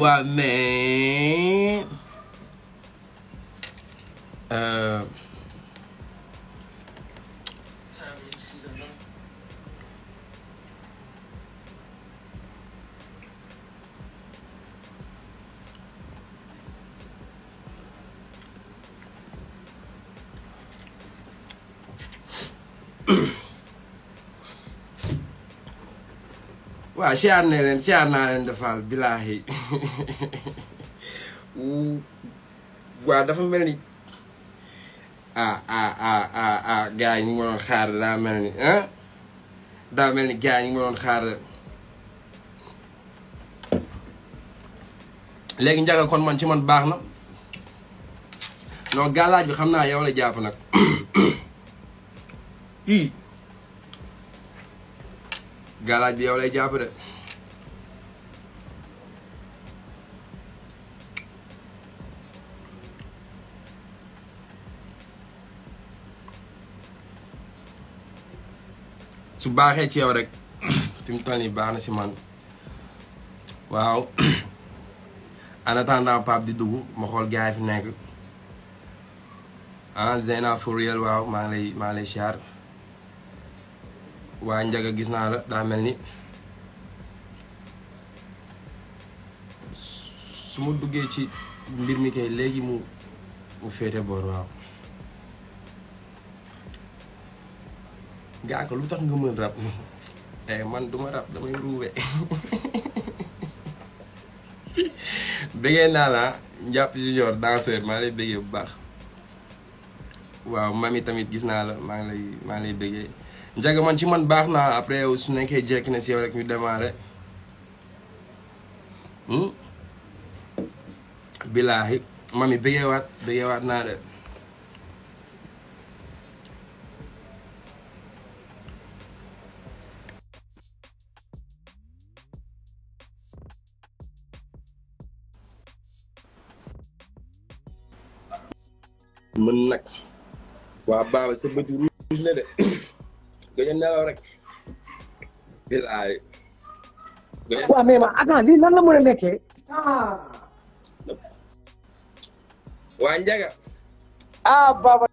完美！waaw siyaar ne leen siyaar naa leen defaal bilaahi dafa mel ni ah ah ah ah ah ma doon xaar daa mel ni ah daa mel ni gars yi ñu ngi ma doon xaar léegi njaga kon man ci man baax na non gàllaaj bi xam naa yow la jàpp nag Galadiel oleh Jabra. su baaxee ci yow rek fi mu toll nii si man waaw en attendant Pape di dugg ma xool gars fi nekk ah Zeyna for real waaw maa ngi lay maa lay siyaar waa njaga gis naa la daa ni suma duggee ci mbir mi kay léegi mu mu féete boor waaw gaa ko lu tax nga mën rab eh man duma rab damay ruube bëggee naa la njàpp junior danseur maa lay bëggee bu baax waaw mami tamit gis naa la maa ngi lay Ndiaga man ci man baxna après yow su nekké jek na ci yow rek ñu démarré billahi mami bëggeewaat bëggeewaat na de mën nak wa baaba sa bët rouge na de gëj nelaw rek. bilaay. waaw mais lii nan la mën a nekkee. Ah. waa Ndiaga. ah Baba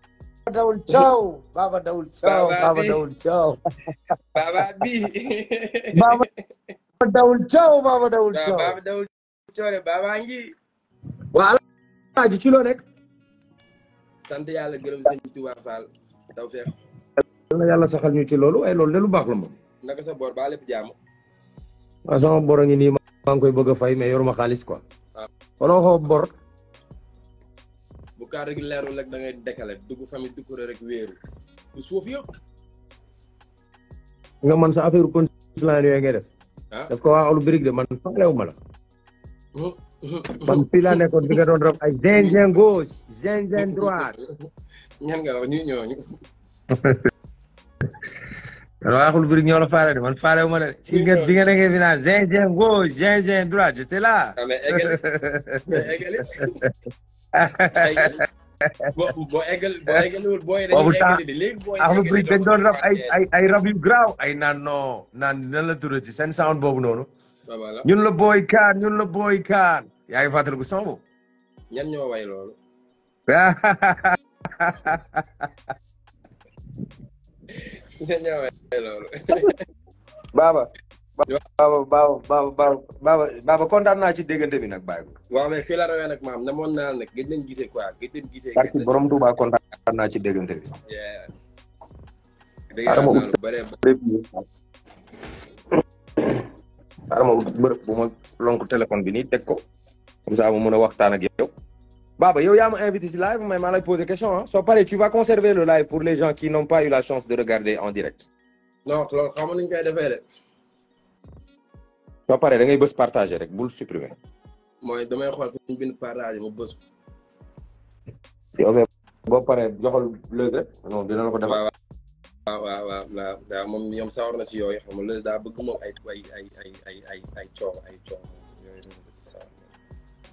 Dawul Thiaw Baba Dawul Thiaw Baba Dawul Thiaw. Baba bi. Dawul Thiaw Baba Dawul Thiaw. Baba waa Alaaji ci loo nekk. sant yàlla gërëm sëñ Tuubaa Fall tawfeex. na yàlla saxal ñu ci loolu ay loolu lu baax la moom. naka sa bor ba lépp jàmm. waaw sama bor a ngi nii maa ngi koy bëgg fay mais quoi. Ah. xoo bor. bu kaa rek leerul rek da ngay dekkale dugg famille dugg rek wéeru du suuf yëpp. nga man sa affaire consulat yooyu ngay des. Ah. daf ko waa Olympique de man faalewuma la. man fii laa bi nga doon rab ay. zinzin gauche zinzin droite. ñan nga ñu man waxul bëri ñoo la faale de man faale wu ma la. si nga bi nga nekkee final zinc zinc gauche zinc zinc droite j'étais là. mais eggali mais eggali. boo boo eggal boo eggaliwul booy dañuy eggali de léegi booy eggali dañ doon rab ay ay ay rab yu graaw ay naan non naan nan la tuddee ci seen sound boobu noonu. ñun la booy kaan ñun la booy kaan. yaa ngi fàttaliku son boobu. ñan ñoo way loolu. baba ñëwee loolu. baaba. baaba baaba baaba baaba kontaan naa ci déggante bi nag bàyyi ko. waaw mais fii la rawee nag maam namoon naa nag gëj nañ gisee quoi gëj nañ gisee. parce que borom naa ci déggante bi. dëgg yàlla loolu bëree bëri. bu téléphone bi nii teg ko. comme ça a waxtaan ak yow. Baba, yo, y'a invité ce live, mais m'a poser question. Hein. Soit pareil, tu vas conserver le live pour les gens qui n'ont pas eu la chance de regarder en direct. Non, comment on peut faire Soit pareil, tu vas partager, tu vas supprimer. Moi, demain, je vais partager, je vais Ok, bon, pareil, je vais le Non, je vais le faire. ah,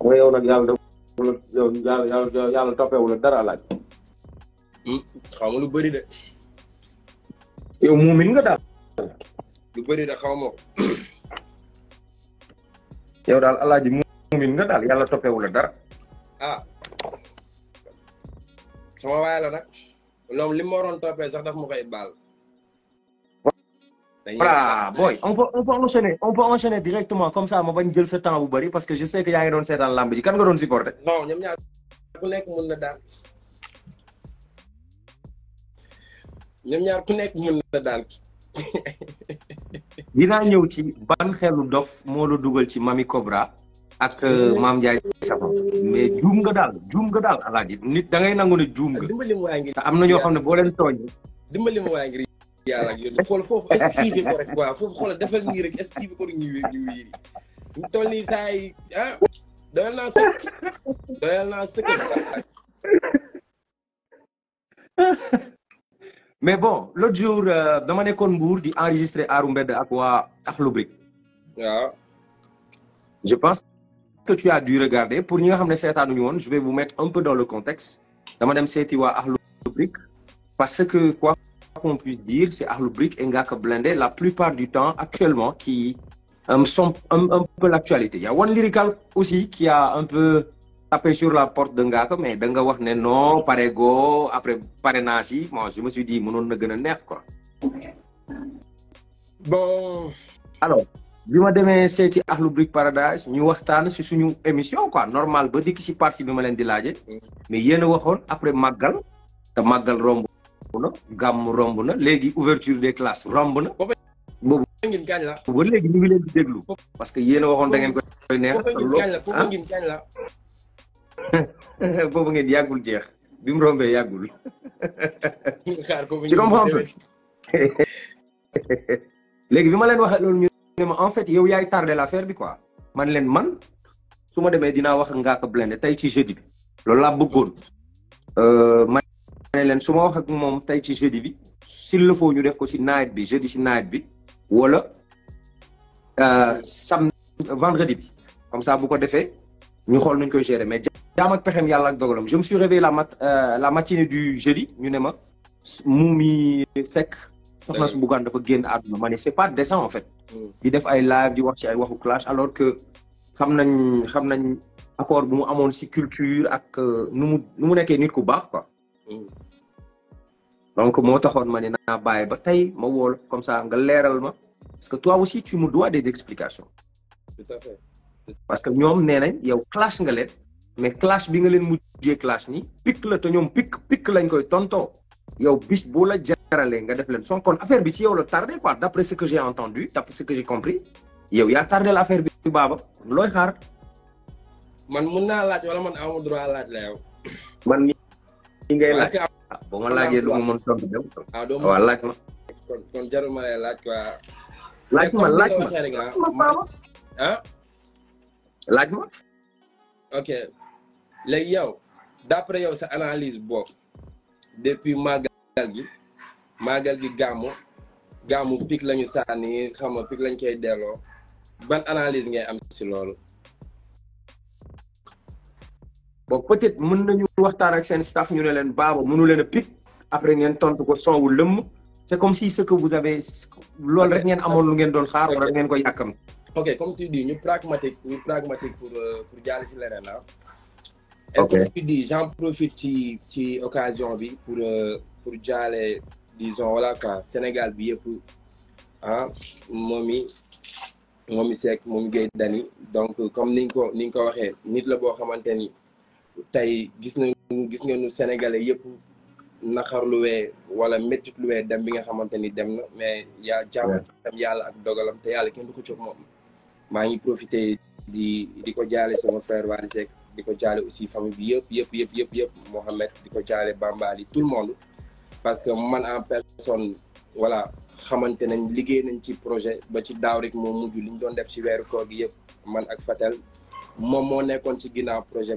Oui, sawar na yow yàlla yàlla yàlla dara laaj. Hmm, xaw ma lu bëri de. yow muumin nga daal. lu bëri xaw ma ko. yow daal alaaji muumin nga daal yàlla toppeewu dara. ah. sama waay la nag. loolu li mu waroon toppee sax daf ma koy baal. Bra, boy, on peut, on peut enchaîner, on peut enchaîner directement comme ça Je bañ jël sa temps vous bari parce que je sais que y a un certain lamb Je kan nga supporter. non ñoom ñaar ku nekk mën na daal. ñoom ñaar ku nekk mën na daal. dinaa ñëw ci ban xelu dof moo la ci Mami Cobra ak euh, Mam Ndiaye Savon mais juum nga daal juum nga daal alaaji nit da ngay ne nga. dimbali yàlla ak yoon xool foofu esquivé ko rek waaw foofu xoolal defal nii rek esquivé ko rek ñu ñu wéeri ñu toll nii saa yi ah doyal naa sëkk doyal naa sëkk mais bon l'autre jour euh, dama nekkoon Mbour di enregistré Aaru Mbedd ak waa Akhlou waaw je pense que tu as dû regarder pour ñi nga xam ne ñu woon je vais vous mettre un peu dans le contexte dama dem seeti waa Akhlou parce que quoi qu'on puisse dire, c'est Arlo Brick et Ngaka Blindé, la plupart du temps, actuellement, qui euh, sont un, peu l'actualité. Il y a One Lyrical aussi qui a un peu tapé sur la porte de Ngaka, mais Denga Wahne, non, Parego, après Parenasi, moi je me suis dit, mon ne gagne pas quoi. Bon. Alors, bi ma demee c'est Akhlou Brick Paradise ñu waxtaan sur une émission quoi normal ba dikk si partie parti ma leen di laaje mm. mais y a waxoon après Magal, c'est Magal romb na gàmm romb na léegi ouverture des classes romb na boobu ba léegi ñu ngi leen di déglu parce que yéen a waxoon da ngeen koy neex ah boobu ngeen yàggul jeex bi mu rombee yàggul ci comprendre léegi bi ma leen waxee loolu ñu ne ma en fait yow yaay la l'affaire bi quoi man leen man su ma demee dinaa wax Ngaaka Blindé tey ci jeudi bi loolu laa bëggoon euh, ne leen su wax ak mom tay ci jeudi bi s'il le faut ñu def ko ci nawet bi jeudi ci nawet bi wala euh, sam vendredi bi comme ça bu ko défé ñu xol nuñ koy gérer mais jaam ak pexem yalla ak dogalam je me suis réveillé la mat euh, la matinée du jeudi ñu ne ma Moumi Seck soxna su Bougane dafa génn àdduna ma ne c'est pas décent en fait mm. di def ay live di wax ci ay waxu clash alors que xam nañ xam nañ accord bu mu amone ci culture ak euh, nu mu nu mu nekkee nit ku baax quoi mm. donc mo taxone mané ne bay ba tay ma wol comme ça nga léral ma parce que toi aussi tu me dois des explications. tout à fait. parce que ñom nénañ yow clash nga leen mais clash bi nga leen mujjé clash ni pic la te ñom pic pic lañ koy tonto, yow bis bo la jaralé nga def leen son kon affaire bi si yow la tardé quoi d'après ce que j'ai entendu d'après ce que j'ai compris yow ya tardé la bi baba loy xaar. man mën naa laaj wala man amu droit laaj la yow. man mii ngay laaj. boo ma laajee lu ma mën tontu dem. ah doo ah, ma waaw laaj ma. kon kon jarul ma laaj quoi. laaj ma laaj ma ah. laaj ma. ok léegi yow d'après yow sa analyse boobu depuis màggal gi màggal gi gàmmu gaamu picc lañu sànni xam nga picc lañ koy delloo ban analyse ngay am si loolu. bon peut-être mën nañu waxtaan ak seen staff ñu ne leen baaba mënu leen a pic après ngeen tontu ko son wu lëmm c'est comme si ce que vous avez loolu rek ngeen amoon lu ngeen doon xaar wala ngeen ko yàkkam ok comme tu dis ñu pragmatique ñu pragmatique pour euh, pour jàll si leneen ah ok comme tu dis j'en profite ci ci occasion bi pour euh, pour jaale disons voilà quoi Sénégal bi yëpp ah moom i moom i Seck moom Gueye donc comme ni nga ko ni nga ko waxee nit la boo xamante ni Sénégalais wala dem bi nga mais il y yalla ak dogalam te qui kenn du ko profité di frère aussi famille Mohamed di ko Bambali tout le monde parce que man en personne voilà nañ liggéey nañ projet ba ci daw rek mo liñ doon def ci Fatel projet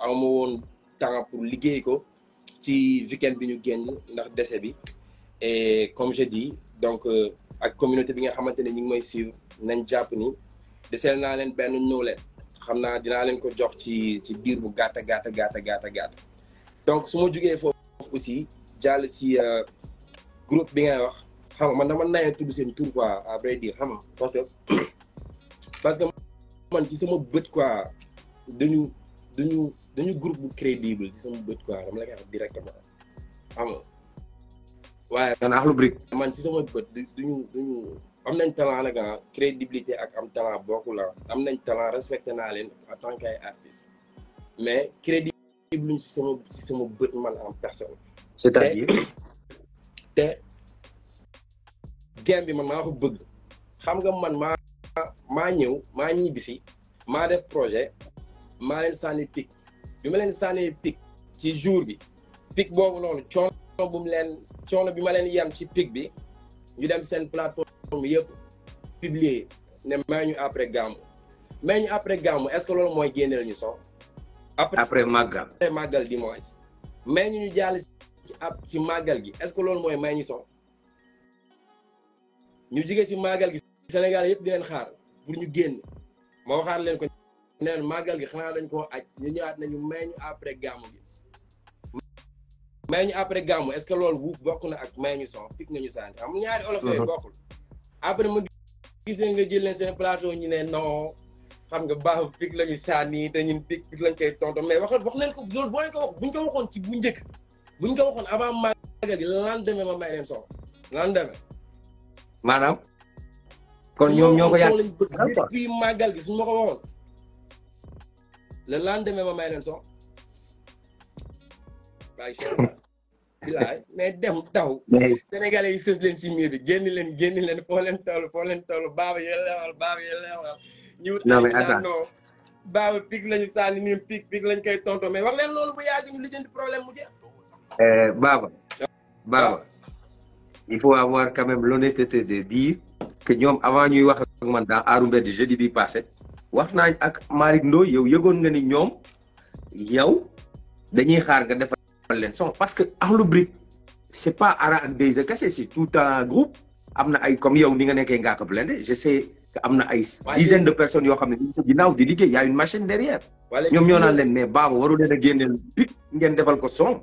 awma won temps pour liguer ko ci weekend bi ñu ndax décès et comme je dis donc la euh, communauté bi nga ngi may suivre nañ ni donc aussi euh, groupe bi wax xam man dama tour quoi à vrai dire dañu groupe bu crédible ci sama bët quoi dama la koy wax directement xam waaye man Akhlou Brick man ci sama bët duñu am nañ talent nag ah crédibilité ak am talent bokku la am nañ talent respecté naa leen en tant que ay artiste mais crédible ñu ci sama ci sama bët man en personne c'est-à-dire te game bi man maa ko bëgg xam nga man maa maa ñëw maa ñibbisi maa def projet maa leen sànni pic bi ma leen sànnee pic ci jour bi pic boobu noonu coono bu leen coono bi ma leen yem ci pic bi ñu dem seen plateforme yëpp publier ne may ñu après gàmmu may ñu après gàmmu est-ce que loolu mooy génneel ñu son après màggal màggal di moins may ñu ñu jaal ci ab ci màggal gi est que loolu mooy may ñu son ñu jige ci màggal gi Sénégal yëpp di leen xaar pour ñu génn moo xaar leen ko neen màggal gi xanaa dañ koo aj ñu ñëwaat nañu may ñu après gàmmu gi may ñu après gàmmu est-ce que loolu wuuf bokk na ak may ñu son picc nga ñu santi xam ñaari olof yooyu mhm. bokkul après ma gis nañ nga jël leen seen plateau ñu ne non xam nga baax picc la ñu sànni te ñun picc picc lañ koy tontu mais wax wax leen ko loolu boo leen ko wax buñ ko waxoon ci bu njëkk buñ ko waxoon avant màggal gi lendemain ma may leen son lendemain maanaam kon ñoom ñoo ko yàq depuis màggal gi suñu ma ko waxoon le lendemain ma may son mais dem sénégalais non lañu lañ koy tonto mais wax bu ñu eh, ah. il faut avoir quand même l'honnêteté de dire que ñom avant ñuy wax ak man dans jeudi bi passé wax naa ak Malick Ndoye yow yëgoon nga ni ñoom yow dañuy xaar nga defal leen son parce que Akhlou Brick c'est pas Ara ak Deyza kese c'est tout un groupe am na ay comme yow ni nga nekkee ngaa ko blende je sais que am na ay dizaine de personnes yoo xam ne ñu sa ginnaaw di liggéey y a une machine derrière ñoom ñoo naan leen mais Baba waru leen a génneel big ngeen defal ko son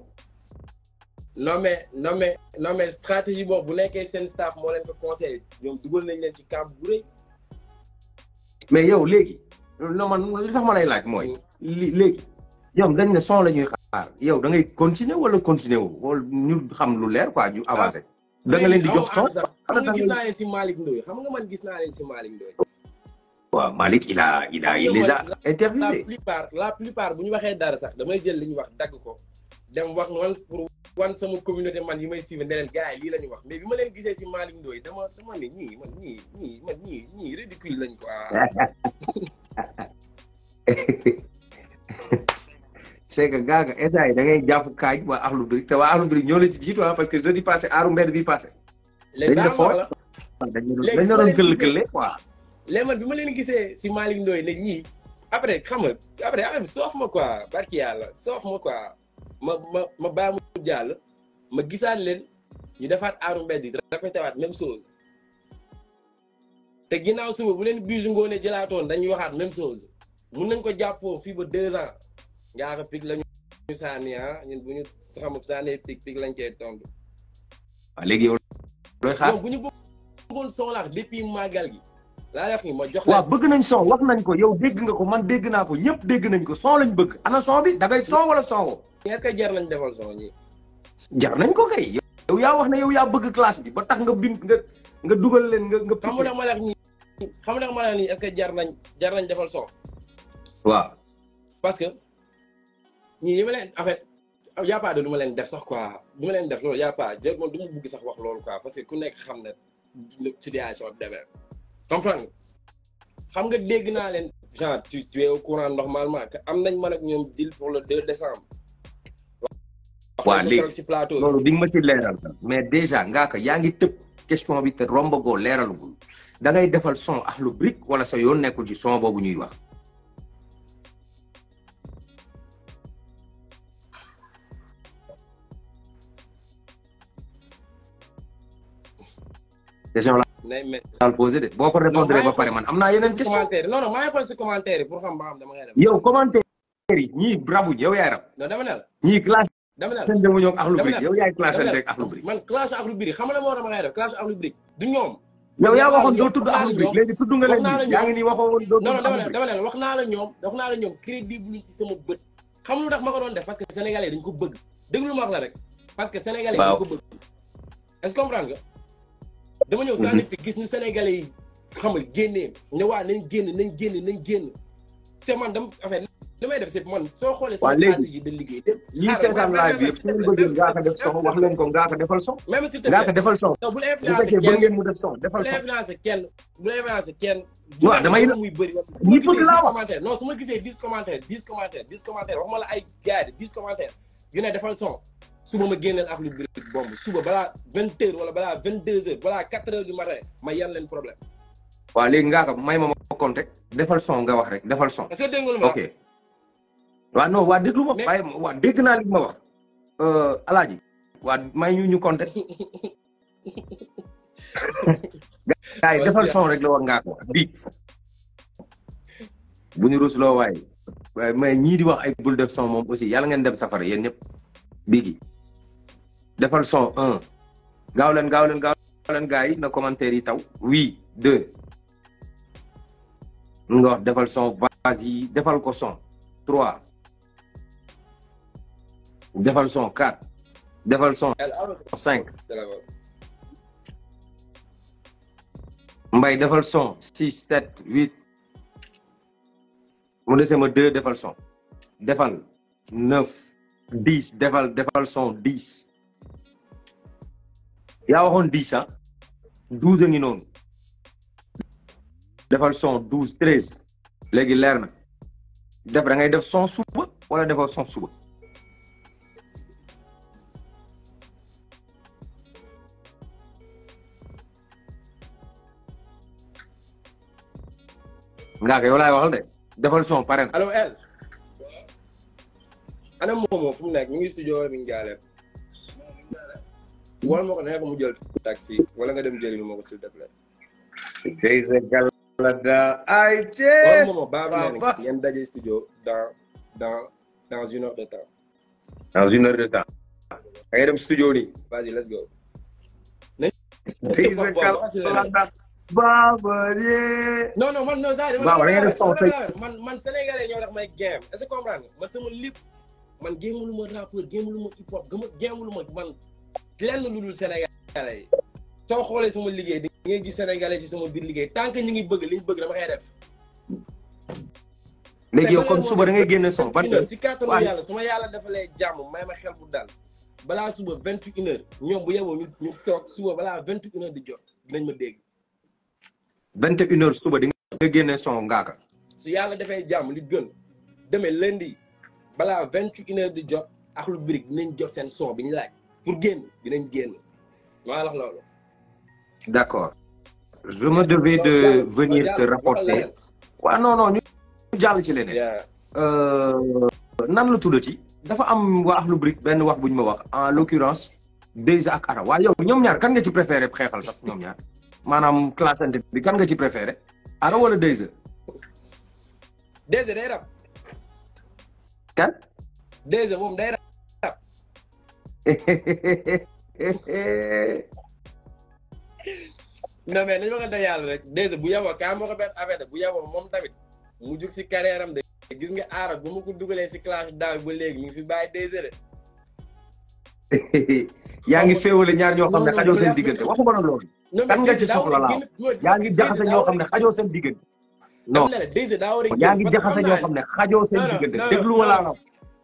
non mais non mais non mais stratégie boobu bu nekkee seen staff moo leen ko conseillé ñoom dugal nañ leen ci camp bu mais yow léegi non man li tax ma lay laaj mooy li léegi ñoom dañ ne son la ñuy xaar yow da ngay continuer wala continuer wu wala ñu xam lu leer quoi ñu avancé. da nga leen di jox son. xam nga gis naa leen si Malick Ndoye xam nga man gis naa leen si Malick Ndoye. waaw Malick il a il a il les a. interviewé bu ñu waxee dara sax damay jël li ñu wax dagg ko. dem wax noonu pour wan sama communauté man yi may suivre ne leen yi lii la ñu wax mais bi ma leen gisee si Malick Ndoye dama dama ne ñii man ñii ñii man ñii lañ quoi. c'est que gaaga yi da ngay jàpp waa axlu biri te la ci jiitu ah, parce que jeudi passé bi passé. léegi dañ la foofu dañ bi ma leen gisee si Malick Ndoye ne ñii après xam nga après affaire bi soof ma quoi barki yàlla soof ma quoi. ma ma ma bàyyi mu jàll ma gisaat leen ñu defaat aaru mbedd yi répété waat te ginnaaw suba bu leen biisu ngoone jëlaatoon dañuy waxaat même chose mun nañ ko jàpp foofu fii ba deux ans ngaa ko pig la ñu saani ah ñun bu ñu xamul saanee pig pig lañ cee tontu. a léegi yow looy xaar bu ñu bëggoon soxlaat depuis màggal gi. laa wax ni ma jox waaw bëgg nañ son wax nañ ko yow dégg nga ko man dégg naa ko ñëpp dégg nañ ko son lañ bëgg ana son bi da ngay son wala songo est-ce que jar nañ defal son yi jar nañ ko kay yow yaa wax ne yow yaa bëgg classe bi ba tax nga bind nga nga dugal leen nga nga xam xamu ma la xam xamu ma la ni est-ce que jar nañ jar nañ defal son wa parce que ñi li ma leen en fait y'a pa duma leen def sax quoi duma leen def lool y'a pa jël mo duma bëgg sax wax lool quoi parce que ku nekk xam na situation bi demee comprendre xam nga dégg naa leen genre tu tu es au courant normalement que am nañ man ak ñoom deal pour le 2 décembre. waaw léegi loolu di nga ma si leeral mais déjà ngaa ko yaa ngi tëb question bi te rombagoo leeralagul da ngay defal son Akhlou Brick wala sa yoon nekkul ci son boobu ñuy wax. déjà nay métti daal posé de boo ko répondre ba pare man am naa yeneen question non non maa ngi xool si commentaire pour xam ba xam dama ngay yow commentaire yi rabuñ yow yaay rab non dama ne la classe dama ne la seen dama ñoom yow yaay classe rek axlu birig man classe axlu birig xam nga moo dama ngay def classe axlu birig du ñoom yow yaa waxoon doo tudd axlu birig léegi tudd nga leen yaa ngi nii waxoo doo tudd non dama ne la naa la ñoom wax naa ma ko doon def parce que sénégalais dañ ko bëgg déglu que ko dama ñëw saa mhm. nekk gis ñu sénégalais yi xam nga génnee ne waa nañ génn nañ génn nañ génn te man dama affaire li may def c'est man soo xoolee. waaw léegi de liggéey lépp. ñii seetaan live bi yëpp su ngeen bëggee ngaa ko def son wax leen ko ngaa ko defal son. même si ngaa ko defal son. bu la influencé kenn bu fekkee ngeen mu def son defal son. bu la influencé kenn bu la influencé kenn. waaw damay muy bëri. ñi bëgg laa wax non su ma gisee dix commentaires dix commentaires dix commentaires waxuma la ay gars yi dix commentaires yu ne defal son. suba ma génneel Akhlou Brick bomb suba balaa vingt heures wala balaa vingt deux heures balaa quatre heures du matin ma yan leen problème. waaw léegi ngaa may ma ma compte defal son nga wax rek defal son. est-ce que dégg ma ok. waaw non waa déglu ma. waaye waa dégg naa li ma wax. Euh, Alaaji. wa may ñu ñu compte. gars yi defal son rek la war ngaa ko wax bis. bu ñu rusloo waaye. waaye mais ñii di wax ay bul def son moom aussi yàlla ngeen dem safara yéen ñëpp. Biggie defal son 1 gaaw len gaaw len commentaire oui 2 nga wax son vas-y 3 defal son 4 defal son 5 mbay defal 6 7 8 mo laisser 2 defal son defal 9 10 defal 10 yaa waxoon dix ah douze a ngi noonu defal son douze treize léegi leer na def da def son suba wala defal son suba ngaa ko yow laay waxal defal son pare na allo El ana moomoo fu mu nekk mi ngi studio wala moo ko nee mu jël taxi wala nga dem jëli moo ko s'il te plaît. tey sa galada ay tee. wala moom baax na ne dans dans heure de temps. dans une heure de temps. da ngay dem studio nii. vas-y let's man non ñoo tax may game est-ce que comprendre man sama lépp man géemuluma rappeur géemuluma hip hop géemuluma man. na lu dul sénégalais yi soo xoolee sama liggéey di ngay gis sénégalais ci sama biir liggéey tant que ñu ngi bëgg liñ bëgg dama koy def. léegi yow comme suba da ngay génne son vingt heures si kàttanu yàlla su yàlla defalee jàmm may ma xel bu balaa suba vingt une ñoom bu yeboo ñu toog suba balaa vingt une di jot dinañ ma dégg. vingt une suba di nga génne son ngaaka. su yàlla defee jàmm li gën demee leen di balaa vingt une di jot ak lu birig dinañ jot seen son bi ñu laaj. pour gagner, je me devais de venir te rapporter. non non nous euh, nan la sommes dafa am nous Brick ben wax ma en l'occurrence des ak Ara waaye yow que ñaar kan nga ci préféré xeexal sax ñoom ñaar classante bi kan nga ci Ara wala non mais nañu waxante yàlla rek déjà bu yaboo ka moo ko benn affaire de bu yaboo moom tamit mu jug si carrière am de gis nga aara bu ma ko dugalee si clash daaw ba léegi mu ngi si bàyyi déjà de yaa ngi féewale ñaar ñoo xam ne xajoo seen diggante waxuma la loolu kan nga ci soxla laa yaa ngi jaxase ñoo xam ne xajoo seen diggante non yaa ngi jaxase ñoo xam ne xajoo seen diggante déglu ma laa la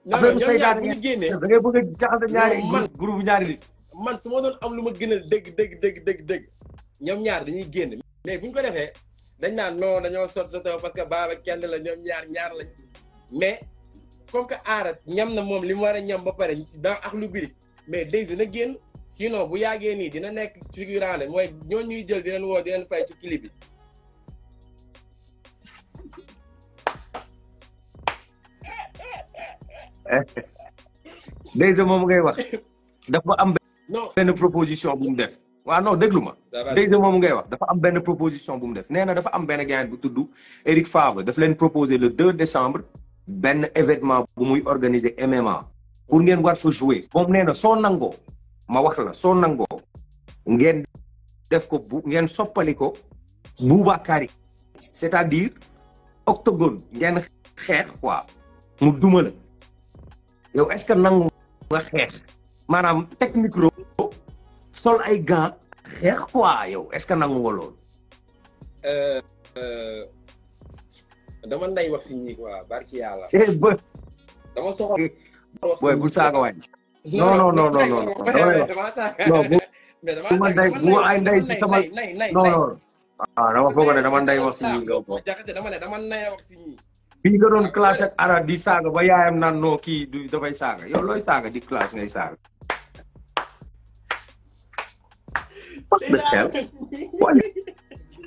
affaire bu saytaat da ngay bëgg a jaxase ñaari groupe ñaari nit man su ma doon am lu ma gën a dégg dégg dégg dégg dégg ñoom ñaar dañuy génn léegi bu ñu ko defee dañ naan non dañoo sot soto parce que baaba kenn la ñoom ñaar ñaar lañ mais comme que aarat ñam na moom li mu war a ñam ba pare dans ak lu biri mais day na génn si sinon bu yàggee nii dina nekk ci figurant mooy ñoo ñuy jël di leen woo di leen fay ci clip bi Déjà moom ngay wax dafa am. non proposition bu mu def. waaw non déglu ma. Déjà moom ngay wax dafa am benn proposition bu mu def nee na dafa am benn gain bu tudd Eric Favre daf leen proposer le 2 décembre benn événement bu muy organiser MMA. pour ngeen war fa jouer. moom nee na soo nangoo ma wax la soo nangoo ngeen def ko bu ngeen soppali ko Boubacar c'est-à-dire octogone ngeen xeex quoi mu duma yow est-ce que nangu nga xeex maanaam teg micro sol ay gants xeex quoi yow est-ce que nangu nga loolu. Euh, euh, dama nday wax si ñii quoi barki yàlla. Eh, eh, dama soxla booy bu saaga waay. non non non non non non bu ma nday bu ay nday si sama non non. ah dama foog ne dama nday wax si ñii nga dama ne dama nday wax si ñii. bii nga doon clash ak ara di saaga ba yaayam naan noo kii du dafay saaga yow looy saaga di clash ngay saaga. What the hell? What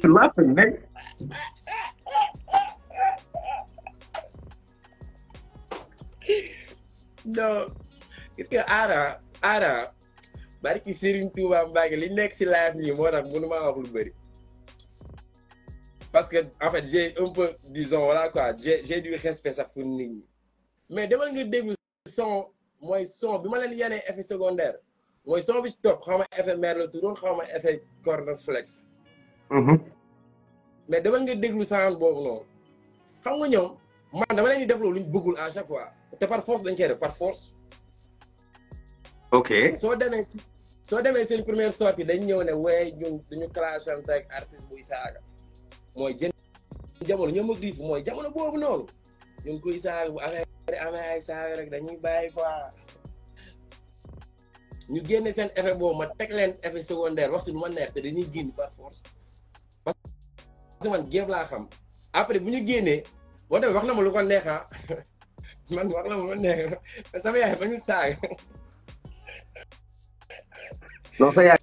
you laughing, nigga? non gis nga aara aara barki Serigne Touba Mbacke li nekk si live nii moo tax mënu maa wax lu parce que en fait j'ai un peu disons voilà quoi j'ai du respect ça pour nit mais demal nga déglu son mooy son bi ma les yenee effet secondaire mooy son bi top topp xaw ma effet mer la tuddoon xaw ma corner flex. Mm-hmm. mais demal nga déglu ça boobu Quand xam nga ñoom man dama leen di def bëggul à chaque fois C'est par force dañ par force ok Soit demee soo c'est une première sortie dañ ñëw ne waaye ñun dañu clashante ak artiste buy saaga mooy jën jamono ñoom ak Rifu mooy jamono boobu noonu ñun koy saaga bu amee amee ay rek dañuy bàyyi quoi ñu génne seen effet boobu ma teg leen effet secondaire waxtu lu ma neex te dañuy génn par force parce que man géef laa xam après bu ñu génnee boo demee wax na ma lu ko neexaa ah. man wax na ma lu ko neex sama ba ñu saaga. non sa yaay.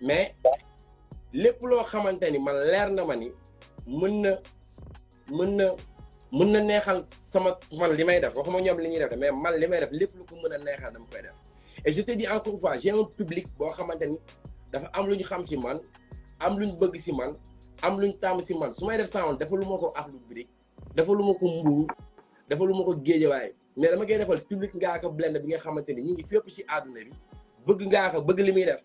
mais lépp loo xamante man leer na ma ni mën na neexal sama man def waxuma mais man li def lépp lu ko mën a neexal dama koy et je te dis encore une fois j'ai un public boo xamante ni dafa am lu xam ci man am lu bëgg ci man am lu ñu ci man su def sound dafa lu ma ko dafa lu ma ko dafa lu ko mais dama koy defal public Ngaaka blend bi nga ni ñu ci àdduna bi bëgg Ngaaka bëgg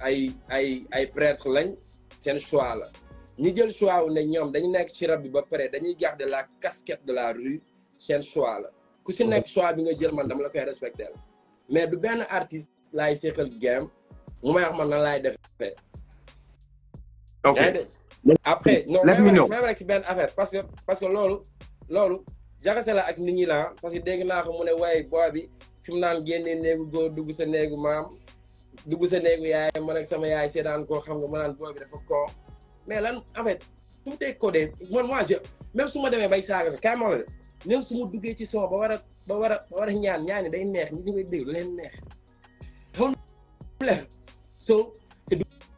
ay ay ay prêtre lañ seen choix la ñi jël choix wu ne ñoom dañu nekk ci rab bi ba pare dañuy garder la casquette de la rue seen choix la ku si nekk choix bi nga jël man dama la koy respecté mais du benn artiste laay séqal game mu may wax man nan laay defee. ok après non même rek si benn affaire parce que parce que loolu loolu jaxase la ak ni ñi la parce que dégg naa ko mu ne waaye booy bi fi mu naan génnee néegu góor dugg sa néegu maam dugg sa néegu yaay man ak sama yaay seetaan koo xam nga ma naan booy bi dafa koo mais lan en fait tout est codé man su ma demee bay saaga sax kaay la de même su ma duggee ci son ba war ba war a war a ñaan ñaani day neex nit ñi koy dégg lu leen neex xam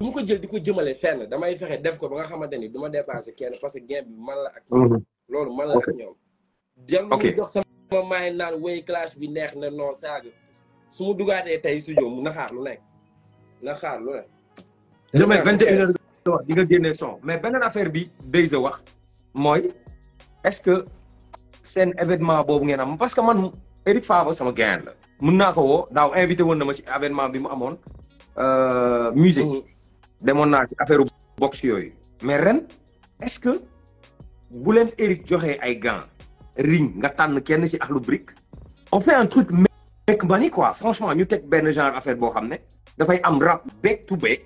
nga te ko jël di ko jëmale fenn damay fexe def ko ba nga xamante ni du ma dépassé kenn parce que gain bi man la ak ñoom mhm. loolu man la ak ñoom jël ma jox sama maay bi neex na non saaga su ma dugaatee tey studio mu naxaar lu nekk la xaar lu ne. lu may vingt une heures wax di nga son mais ben, affaire bi déjà wax moy est-ce que seen événement bobu ngeen am parce que man Eric Favre sama gain la. mun naa ko woo daaw invité woon na ma si événement bi mu amoon euh, musée mhm. demoon naa si affaire box yooyu mais ren est-ce que bu leen Eric joxee ay gants ring nga tànn kenn si Akhlou Brick on fait un truc mec bani quoi franchement ñu teg benn genre affaire boo xam ne dafay am rab beeg tu beeg.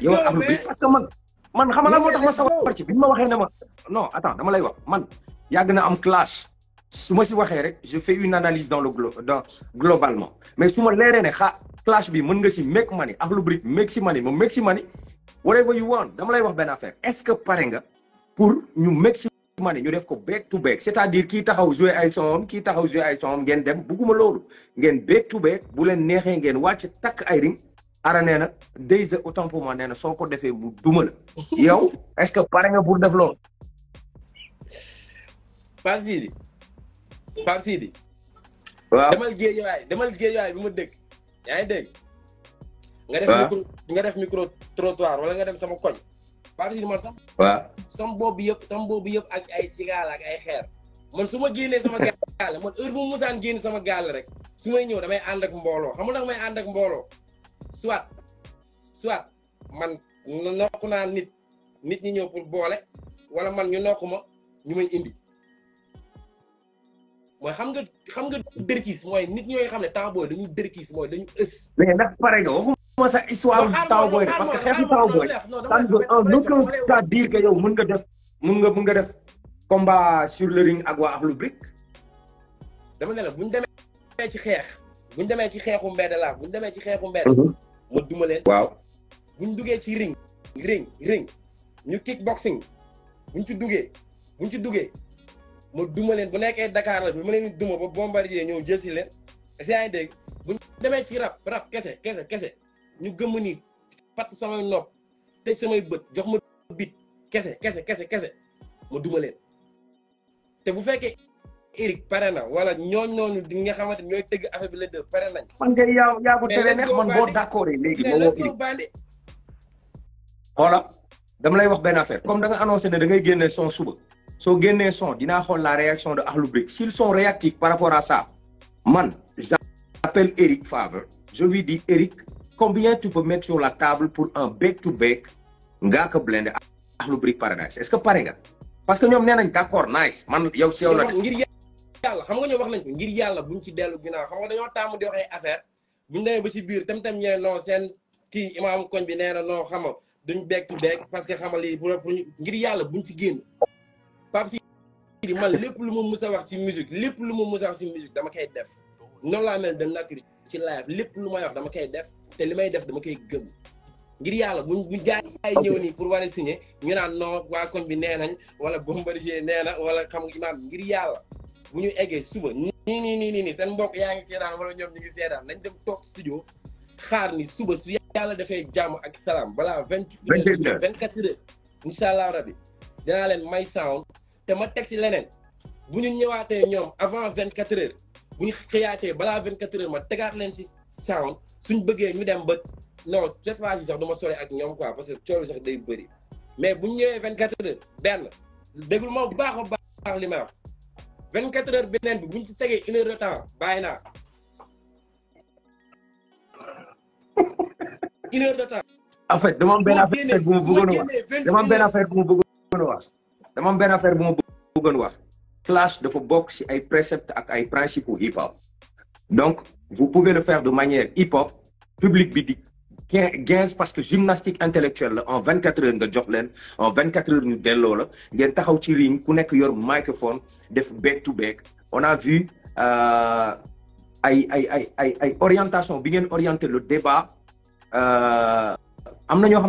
yow ak lu parce que man. man xam nga lan moo tax ma sawar bi ma waxee na ma. non attends dama lay wax man yàgg na am clash su ma si waxee rek je fais une analyse dans le glo dans globalement mais su ma leeree ne xa clash bi mën nga si make money ak lu bëri make si money ma make si money whatever you want dama lay wax benn affaire est-ce que pare nga pour ñu make si money ñu def ko back to back c'est-à-dire kii taxaw jouer ay soom kii taxaw jo ay ngeen dem bugguma loolu ngeen back to back leen neexee ngeen wàcc takk ay ring Ara nee na déjà autant pour moi nee na soo ko defee bu duma la yow est-ce que pare nga pour def loolu. Pape Sidi Pape Sidi. waaw demal demal géejawaay bi ma dëkk yaa ngi dégg. nga def micro nga def micro trottoir wala nga dem sama koñ. Pape Sidi man sax. waaw sama boobu yëpp sama boobu yëpp ak ay sigaal ay xeer. man su ma génnee sama gaal man heure bu mu musaan génn sama gaal rek su may ñëw damay ànd ak mbooloo xam nga ndax may ànd ak mbooloo. soit soit man nokku naa nit nit ñi ñëw pour boole wala man ñu nokku ma ñu may indi mooy xam nga xam nga dërkiis mooy nit ñooy xam ne tawbooy dañu dërkiis mooy dañu ës. mais nag pare nga waxuma sa histoire bu tawbooy parce que xeetu tawbooy tànn un autre cas dire que yow mën nga def mën nga mën nga def combat sur le ring ak waa Akhlou Brick. dama ne la bu ñu demee ci xeex. buñ demee ci xeexu mbedd laa buñ demee ci xeexu mbedd mhm. ma duma leen waaw buñ duggee ci ring ring ring ñu kickboxing buñ ci duggee buñ ci duggee ma duma bu nekkee Dakar la bi ma leen duma ba bombardier ñëw jël si leen si yaa ngi dégg buñ demee ci rap rap kese kese kese ñu gëmm ni fatt samay nop te samay bët jox ma bit kese kese kese kese ma duma te bu fekkee Eric Parana, na wala ñooñ noonu di nga xamante ñooy tëgg affaire bi la def pare nañ. man kay yaa yaa ko tere neex man boo d'accord léegi moo Eric voilà dama lay wax benn affaire comme da nga annoncé ne da ngay génne son suba soo génnee son dinaa xool la réaction de Akhlou s'ils sont réactifs par rapport à ça man j'appelle Eric Favre je lui dis Eric combien tu peux mettre sur la table pour un back to back Ngaaka Blindé Akhlou Brick Parana est-ce que pare nga parce que ñoom nee d'accord nice man yow si yow la des yàlla xam nga ñoom wax nañ ko ngir yàlla buñ ci dellu naa xam nga dañoo taamu di wax ay affaire buñ ba ci biir tam-tam ñu ne non seen kii imaam koñ nee na non xam nga duñ bekk bekk parce que xamal yi pour ngir yàlla buñ ci génn Pape Sidi man lépp lu ma mus a wax ci musique lépp lu ma mus a wax dama koy def noonu laa mel de ci live lépp lu may wax dama koy def te li may def dama koy gëm ngir yàlla buñ bu jaay ñëw nii pour war a signé ñu naan non waa koñ bi nee nañ wala Bombardier nee na wala xam nga naan ngir yàlla bu ñu eggee suba nii nii nii nii seen mbokk yaa ngi seedaan wala ñoom ñu ngi seedaan nañ dem toog studio xaar ni suba su yàlla defee jàmm ak salaam balaa vingt vingt quatre heures incha allah rabi dinaa leen may sound te ma teg si leneen bu ñu ñëwaatee ñoom avant vingt quatre heures bu ñu xëyaatee balaa vingt quatre heures ma tegaat leen si sound suñ bëggee ñu dem ba non cette fois ci sax du ma sore ak ñoom quoi parce que coow sax day bëri mais bu ñu ñëwee vingt quatre heures benn déglu ma bu baax a baax li may wax 24 heures benen, bi buñ ci tegee une heure de temps bàyyi naa une heure de temps. en fait dama am benn affaire bu ma bëggoon wax dama am benn affaire bu ma bëggoon wax dama am benn affaire bu ma bëggoon wax. clash dafa bokk ci ay préceptes ak ay principes hip hop donc vous pouvez le faire de manière hip hop public bi di 15 parce que gymnastique intellectuelle en 24 heures de jox en 24 heures nous delloo la ngeen taxaw ci ligne ku nekk yor microphone def back to back on a vu euh, ay ay ay ay orientation bi ngeen orienter le débat Euh, na ñoo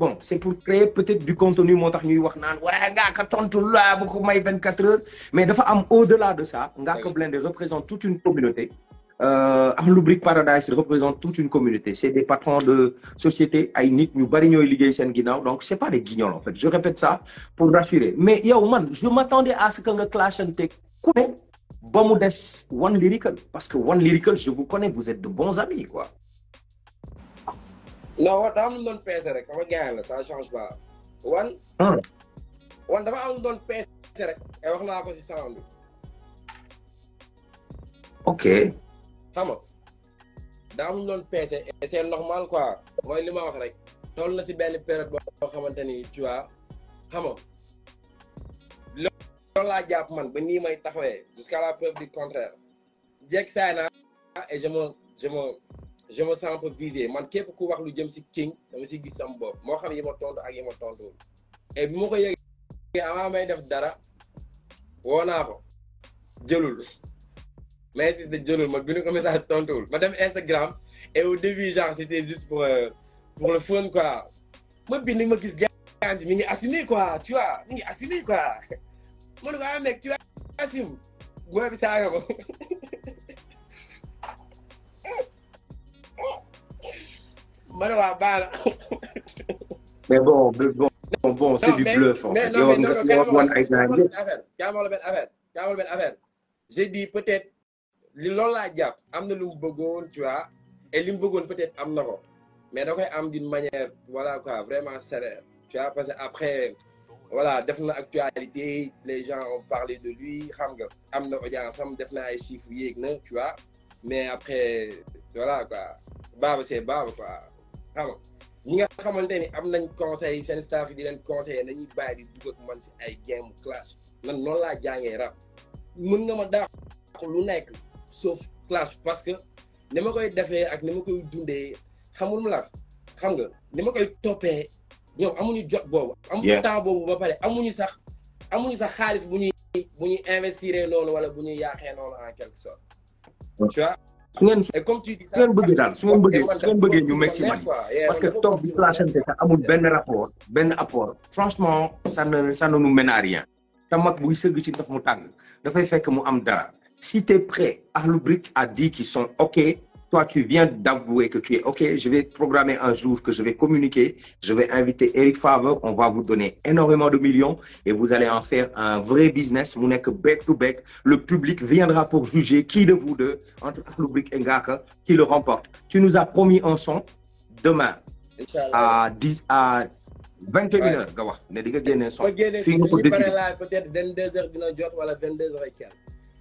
bon c'est pour créer peut-être du contenu moo tax ñuy wax naan waa Ngaaka tontu la 24 heures mais dafa am au-delà de ça Ngaaka Blindé représente toute une communauté euh, Akhlou Paradise représente toute une communauté c'est des patrons de sociétés, ay nit ñu bari ñooy liggéey seen donc c'est pas des guignols en fait je répète ça pour rassurer mais yow man je m'attendais à ce que clash clash ku ne Bon, des One Lyrical parce que One Lyrical je vous connais vous êtes de bons amis quoi. non je ne sais pas ça rek sama gars la ça change pas One. One ah. dafa am lu doon peese rek. wax naa ko si salon ok. xam nga daa doon peese et c'est normal quoi mooy li ma wax rek toll na si benn période boo xamante ni tu xam nga loolu laa jàpp man ba nii may taxawee jusqu'à la preuve du contraire jekk saay naa et je me je me je me sens un man képp ku wax lu jëm si King si gis sama moo xam yi ma tontu ak yi ma tontuwul et bi ma ko yëgee avant may def dara woo naa ko jëlul message de jëlul ma message Instagram et au début genre c'était juste pour euh, pour le fun quoi ma ma quoi tu vois quoi tu ma mais bon bon bon, c'est du bluff. en fait j'ai dit peut-être li amne l'imbogon, lu tu vois et li peut-être am ko mais da koy am d'une manière voilà quoi vraiment sérieux, tu vois parce après voilà définitivement actualité les gens ont parlé de lui xam nga am audience am def na ay chiffres yéeg tu vois mais après voilà quoi baaba c'est baaba quoi xam nga ñi nga xamante ni am nañ conseil sen staff di len conseiller nañuy bay di dugg ak man ci ay game clash nan noonu la jàngee rap mën nga ma daax lu nekk sauf clash parce que ni koy défé ak ni koy dundé xamul xam nga ni koy topé amuñu jot bobu amuñu temps bobu ba amuñu sax amuñu sax wala en quelque sorte. tu vois. su ngeen ñu man parce que rapport apport franchement ça ne ça ne nous mène à rien ta mag ci ndox mu fekk mu am dara. Si tu es prêt, Alubric a dit qu'ils sont OK. Toi, tu viens d'avouer que tu es OK. Je vais programmer un jour que je vais communiquer. Je vais inviter Eric Favre. On va vous donner énormément de millions et vous allez en faire un vrai business. Vous n'êtes que back to back. Le public viendra pour juger qui de vous deux, entre Alubric et Ngaka, qui le remporte. Tu nous as promis un son demain à 10 à 21 h son.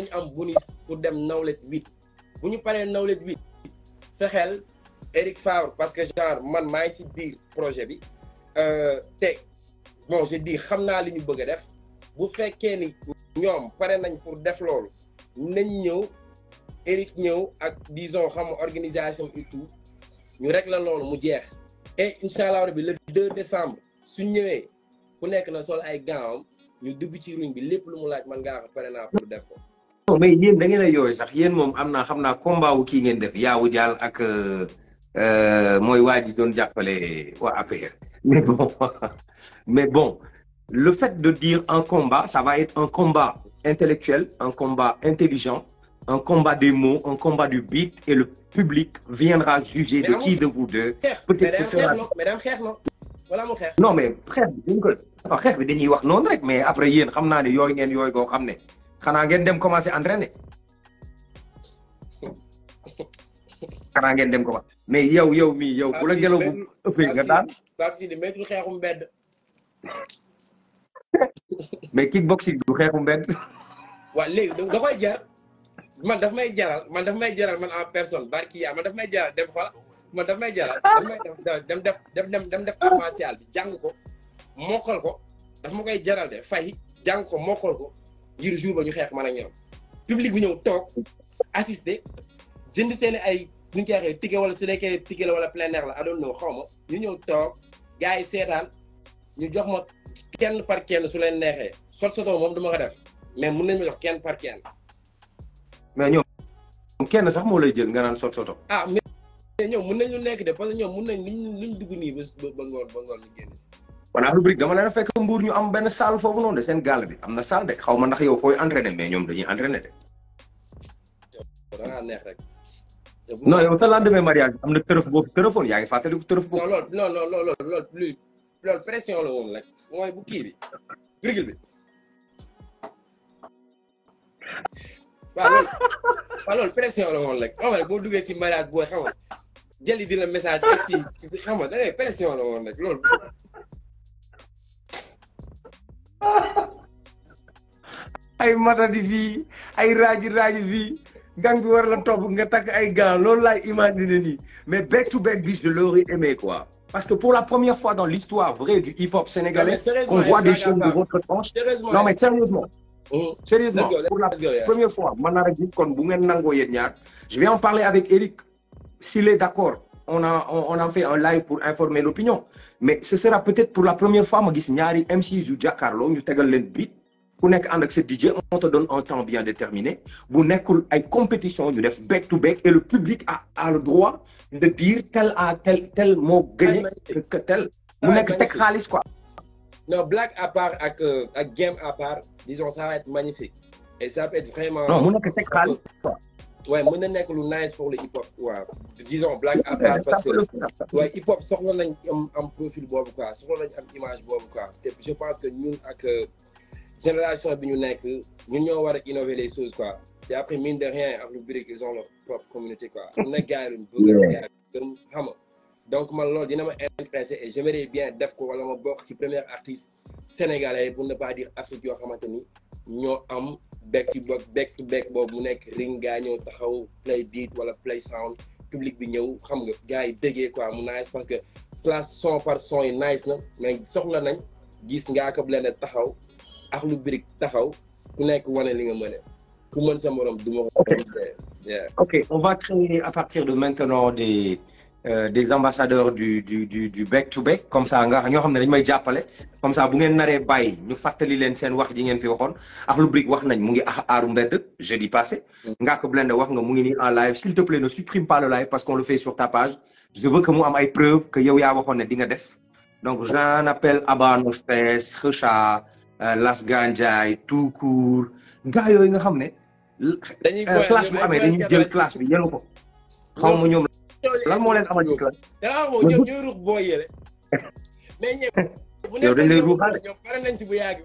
dañ am bonus pour dem nawlet 8 bu ñu paree nawlet 8 fexel Eric Favre parce que genre man maa ngi si biir projet bi euh, te bon je dit xam naa li ñu bëgg a def bu fekkee ni ñoom pare nañ pour def loolu nañ ñëw Eric ñëw ak disons xam organisation et tout ñu rek la loolu mu jeex et incha allah rabbi le 2 décembre su ñëwee ku nekk na sol ay gaawam ñu dugg ci ruñ bi lépp lu mu laaj man ngaa wax pare naa pour def ko mais combat bon le fait de dire un combat ça va être un combat intellectuel un combat intelligent un combat des mots un combat du beat et le public viendra juger de qui de vous deux peut-être non mais mais après xanaa ngeen dem commencé entraîner xanaa ngeen dem commencé mais yow yow mii yow bu la ngelaw bu ëppee nga daan Pape Sidi méttul xeexu mbedd mais kickboxing du xeexu mbedd waaw léegi da koy jar man daf may jaral man daf may jaral man en personne barki yaa man daf may jaral dem xoola man daf may jaral daf may dem def dem dem def commercial bi jàng ko mokkal ko daf ma koy jaral de fay jàng ko mokkal ko ngir jour ba ñu public bi ñëw assister ay ticket wala su wala la I don't know xaw ñu ñu jox ma kenn par kenn su leen mais nous nañ ma jox kenn par kenn. mais kenn sax lay jël nga soto ah mais ñoom mun nañu de parce que man Abdou Brick dama leen a fekk mbuur ñu am benn salle foofu noonu de seen gàll bi am na salle de xaw ma ndax yow fooy entraîné mais ñoom dañuy entraîné de. non yow sa lendemain mariage am na tërëf boo fi tërëfoon yaa ngi fàttaliku tërëf boobu. non non non loolu loolu loolu pression la woon rek mooy bu kii bi virgule bi. waaw loolu waaw loolu pression la woon rek xam boo duggee si mariage booy xam nga jëli message si xam nga pression la woon rek loolu. ay di fi ay Raji Raji fi gang bi war la top nga tak ay gants lolou lay imaginer ni mais back to back bi de l'aurais aimé quoi. Parce que pour la première fois dans l'histoire vraie du hip-hop sénégalais, on voit des choses de votre tranche. Non mais sérieusement. Sérieusement, oh, pour la première fois, Manara Giscon, Boumen Nango ñaar je vais en parler avec Eric, s'il est d'accord on a on a fait un live pour informer l'opinion mais ce sera peut-être pour la première fois ma gis ñaari MCs yu jàkkaarloo ñu tegal leen beat ku DJ on te donne un temps bien déterminé bu nekkul une compétition ñu def back to back et le public a le droit de dire tel à tel tel mot que tel mu quoi non blague à part euh, ak game à part disons ça va être magnifique et ça va être vraiment non mu Ouais, mon nek lu nice pour le hip hop quoi disons black à part parce que ouais hip hop sort nañ am profil boobu quoi sort nañ une image boobu quoi je pense que ñun ak euh, génération bi ñu nek ñun ñoo wara innover les choses quoi C'est après mine de rien après ils ont leur propre communauté quoi am gars yi gars donc man loolu dina ma et j'aimerais bien def ko wala ma bok ci premier artiste sénégalais pour ne pas dire Afrique yo xamanteni ñoo am back to back back to back boobu mu nekk ring gaa ñëw taxaw play beat wala play sound public bi ñëw xam nga gars yi bëggee quoi mu nice parce que place son par son yi nice na mais soxla nañ gis ngaa ko Blindé taxaw ax lu birik taxaw ku nekk wane li nga mën a ku mën sa morom du ma ko. ok on va créer à partir de maintenant des. Euh, des ambassadeurs du du du du back to back comme ça nga ñoo xam ne dañu may jàppale comme ça bu ngeen naré bàyyi ñu fatali leen seen wax ji ngeen fi waxoon Akhlou Brick wax nañ mu ngi ax aaru mbedd jeudi passé. Mm. ko Blindé wax nga mu ngi en live s'il te plaît ne supprime pas le live parce qu'on le fait sur ta page je veux que mu am ay preuve que yow ya waxoon ne di nga def donc j'en appelle Abba No Stress Kheucha euh, Las Gandiaye tout court gars yooyu nga xam ne. dañuy euh, clash bu amee dañuy jël clash bi yenu ko xaw ma lan moo leen amal ci classe. waaw ñoom ñooy ruux booy yële. mais ñoom. yow dañ lay ruuxaale ñoom nañ ci bu yàgg.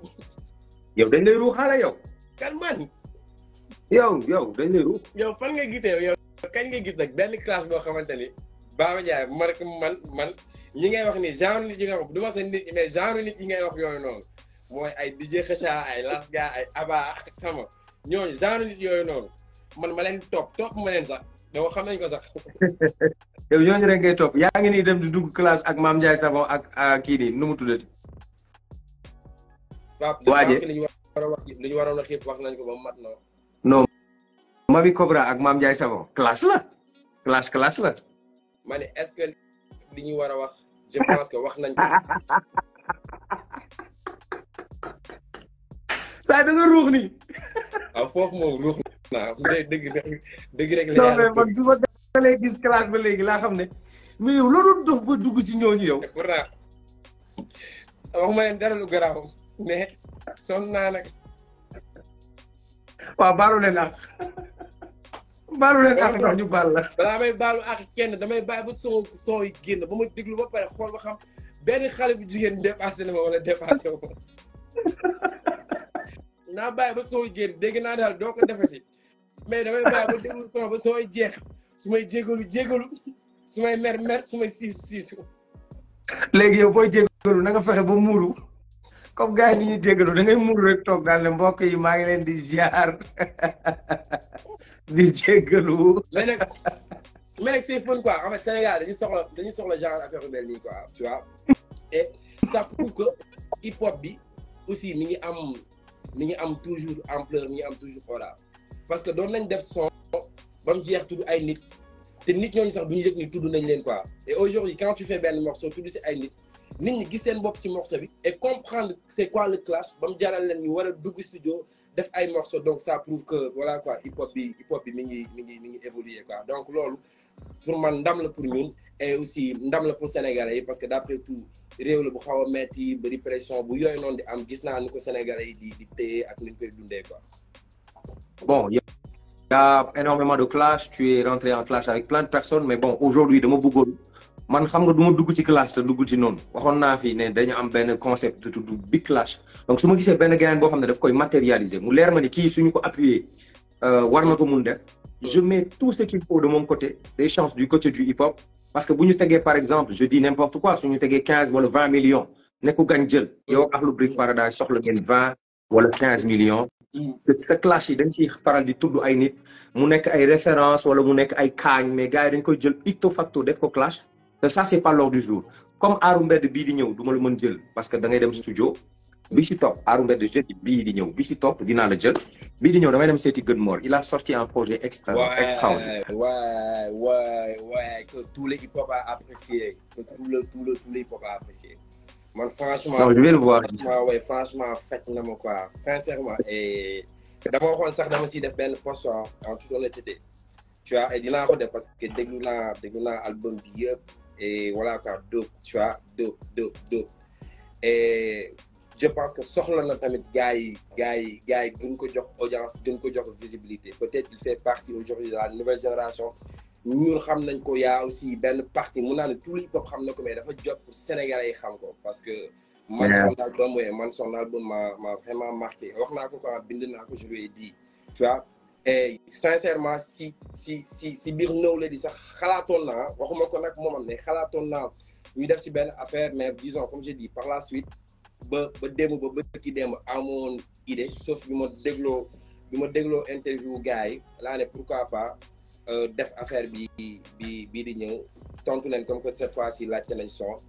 yow dañ lay ruuxaale yow. kan man. yow yow dañ lay ruux. yow fan nga gisee yow. kañ nga gis nag benn classe boo xamante ni Baba Ndiaye marque man man ñi ngay wax ni genre nit yi nga wax du yi ngay wax yooyu noonu mooy ay DJ Kheucha ay Lasga ay Aba xam nga ñooñu genre nit yooyu noonu man ma leen topp topp ma leen sax. yow xam nañ ko sax. yow ñooñu rek ngay yaa ngi nii dem di dugg classe ak maam Ndiaye Savon ak kii nii nu mu tuddati. waaye li ñu waroon a xiip wax ko ba mat na. non Mamy ak maam Ndiaye Savon classe la classe classe la. ma ne est-ce que li ñu war a wax wax nañ ah, moom ruux. waaw dëgg dëgg rek la non mais man du ma dalee gis classe ba léegi laa xam ne mais yow loolu dof dugg ci ñooñu yow. pourtant waxuma leen garaaw mais naa nag. waaw baalu leen ak baalu leen ak ndax baal la. balaa may baalu ak kenn damay bàyyi ba son son yi génn ba ma déglu ba pare xool ba xam benn xale bu jigéen dépassé na ma wala dépassé wu ma. naa bàyyi ba sooy génn dégg naa daal doo ko defati mais damay bàyyi ba déglu son ba sooy jeex su may jégalu jégalu su may mer mer su sis siisu siisu. léegi yow booy jégalu na nga fexe ba muuru comme gars yi ni ñuy jégalu da ngay muuru rek toog daal ne mbokk yi se ngi leen di ziar di jégalu. mais nag mais nag c'est fun quoi en fait Sénégal dañuy soxla dañuy soxla genre affaire yu mel quoi tu vois et ça prouve que hip hop bi aussi mi ngi am. ni avons toujours ampleur ni toujours voilà parce que dans nañ def son bam tudd ay nit te nit sax et aujourd'hui quand tu fais le morceau tudd ci ay nit nit ñi gis seen bopp morceau et comprendre c'est quoi le clash bam jaral leen ñu studio def ay morceaux donc ça prouve que voilà quoi hip hop bi hip hop bi mi ngi mi ngi mi ngi évoluer quoi donc lolu pour man ndam la pour ñun et aussi ndam la pour sénégalais parce que d'après tout réew la bu xaw metti bari pression bu yoy non di am gis naa ko sénégalais di di téyé ak ñu koy dundé quoi. bon y a énormément de clash tu es rentré en clash avec plein de personnes mais bon aujourd'hui dama bëggoon man xam nga du ma dugg ci clash te dugg ci noonu waxoon naa fi ne dañu am benn concept de tudd big clash donc su ma gisee benn gànnaar boo xam ne daf koy matérialiser mu leer ma ni kii suñu ko appuyer euh, war na ko mun def. je mets tout ce qu'il faut de mon côté des chances du côté du hip hop parce que bu ñu tegee par exemple je dis n'importe quoi suñu ñu tegee 15 wala 20 millions ne ko gañ jël yow ak lu Brick Paradise soxla ngeen 20 wala 15 millions. Mm. sa clash yi dañ siy faral di tudd ay nit mu nekk ay références wala mu nekk ay kaañ mais gars yi dañ koy jël icto facto def ko clash te ça c'est pas l'heure du jour comme arumbe de bi di ñëw du ma mën jël parce que da ngay dem studio bi si top, aaru de jël bi di ñëw bi si topp dinaa la jël bi di ñëw damay dem seeti good more. il a sorti un projet extra extraordinaire ouais, ouais, ouais, que tous les hip-hop a apprécié que tout le tout le tout les hip-hop a apprécié man franchement non je vais le voir franchement ouais franchement fekk na ma quoi sincèrement et dama waxoon sax dama siy def benn post hein, en toute honnêteté tu as, et dinaa ko def parce que déglu naa déglu naa album bi et voilà quoi dope tu vois dope dope dope et je pense que soxla na tamit gars yi gars yi gën ko audience gën ko visibilité peut-être il fait partie aujourd'hui de la nouvelle génération nous xam nañ ko a aussi une partie nous savons tous tout le hip hop xam na ko mais dafa jot pour sénégalais parce que mon son album mon son album m'a vraiment marqué wax je lui ai dit tu vois eh, sincèrement si si si si biir nawle di sax xalaatoon naa waxuma ko nag moomam mais xalaatoon naa ñu def ci benn affaire mais disons comme j'ai dit par la suite ba ba démb ba bëkki démb amoon idée sauf bi ma dégloo bi ma dégloo interview gars yi laa pourquoi pas euh, def affaire bi bi bii di ñëw tontu leen comme que cette fois ci laajte nañ son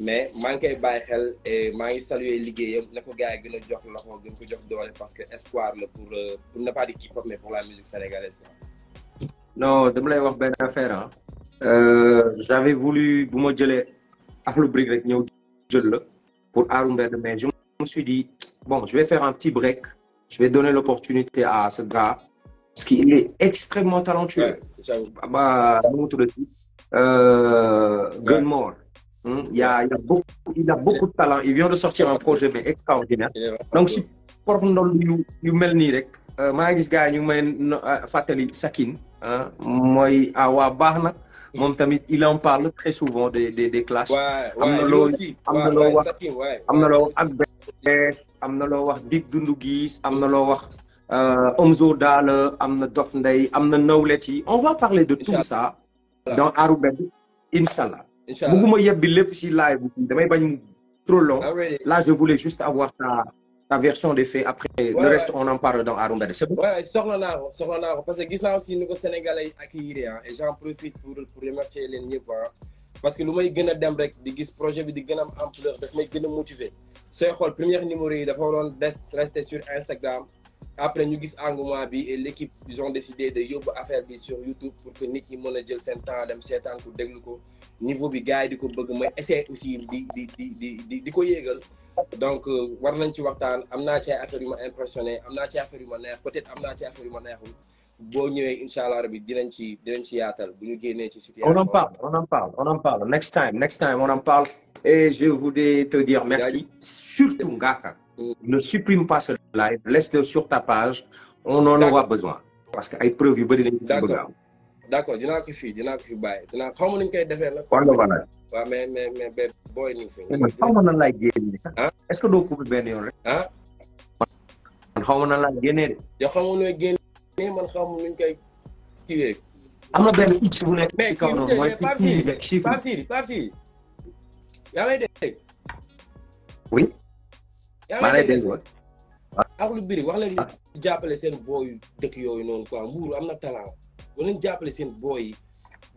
mais maa ngi koy xel et maa ngi saluer liggéeyam na ko gars la gën la jox loxo gën ko jox doole parce que espoir la pour euh, pour ne pas dire hip hop mais pour la musique sénégalaise non dama lay wax ben affaire hein. euh j'avais voulu bu ma jëlee Akhlou Brick rek ñeu jël la pour Arru de mais je me suis dit bon je vais faire un petit break je vais donner l'opportunité à ce gars parce qu'il est extrêmement talentueux. waaw waaw ba nu euh Good Gunmore. Hmm, il, y a, beaucoup, il a beaucoup de talent. Il vient de sortir un projet mais extraordinaire. Donc, si pour nous, nous melni je gis gars yi ñu may euh, fàttali Sakine hein, moi Awa baax mon ami, tamit il en parle très souvent des des des clashs. am na loo am na loo wax am na wax wax dig dundu gis euh, Omzo Daala am na Dof Ndey on va parler de tout ça dans Aroubed, inshallah yebbi live damay trop long. Ah là je voulais juste avoir ta ta version des faits après. le reste on en parle dans arru c'est bon. Ouais, sur parce que gis aussi nous ko Sénégalais a accueillir rien. Hein. et j'en profite pour pour remercier les Niévois, hein. parce que nous may avons a dem rek di gis projet de di gën am ampleur motivés. C'est gën a motiver numéro yi on rester sur Instagram après nous avons engouement bi et l'équipe ils ont décidé de faire affaire bi sur YouTube pour que Niki ñi s'entende a jël seen temps dem niveau bi gars yi bëgg may aussi di di di di donc euh, war nañ ci waxtaan ci impressionné peut-être ci affaire yu ma Je ci ci yaatal bu ñu on en parle on en parle on en parle next time next time on en parle. et je voulais te dire merci. surtout Ngaka. Mm. ne supprime pas ce live laisse-le sur ta page. on en aura besoin. parce que ay yu d' accord dinaa ko fii dinaa ko fi bàyyi dinaa xaw ma nañ koy defee nag. wala wala. waaw mais mais mais bé booy nañ fi. man xaw ma nan laay génnee. ah est ce que doo couple benn yoon rek. ah. man xaw ma nan laay génnee de. yow xaw ma nooy génnee man xaw ma nuñ koy kiiwee. am na benn x bu nekk ci kaw noonu mooy ci Pape Sidi Pape Sidi yaa ngi lay dégg. oui. maa lay dégg ak lu biri wax leen ñu ah. jàppale seen booy dëkk yooyu noonu quoi Mbour am na talent. bu leen jàppale seen booy yi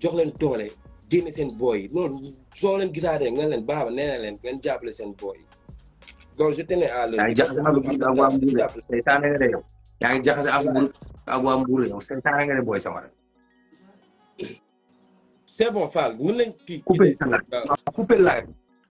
jox leen doole génne seen booy yi loolu soo leen gisaatee nga leen baaba nee na leen ngeen jàppale seen booy yi loolu je tenais à le. yaa ngi jaxase affaire bi ak waa Mbour yow seytaane nga de yow. yaa ngi jaxase affaire bi ak waa nga de booy sama rek. c'est bon Fall mën nañ kii. coupé sa live coupé live.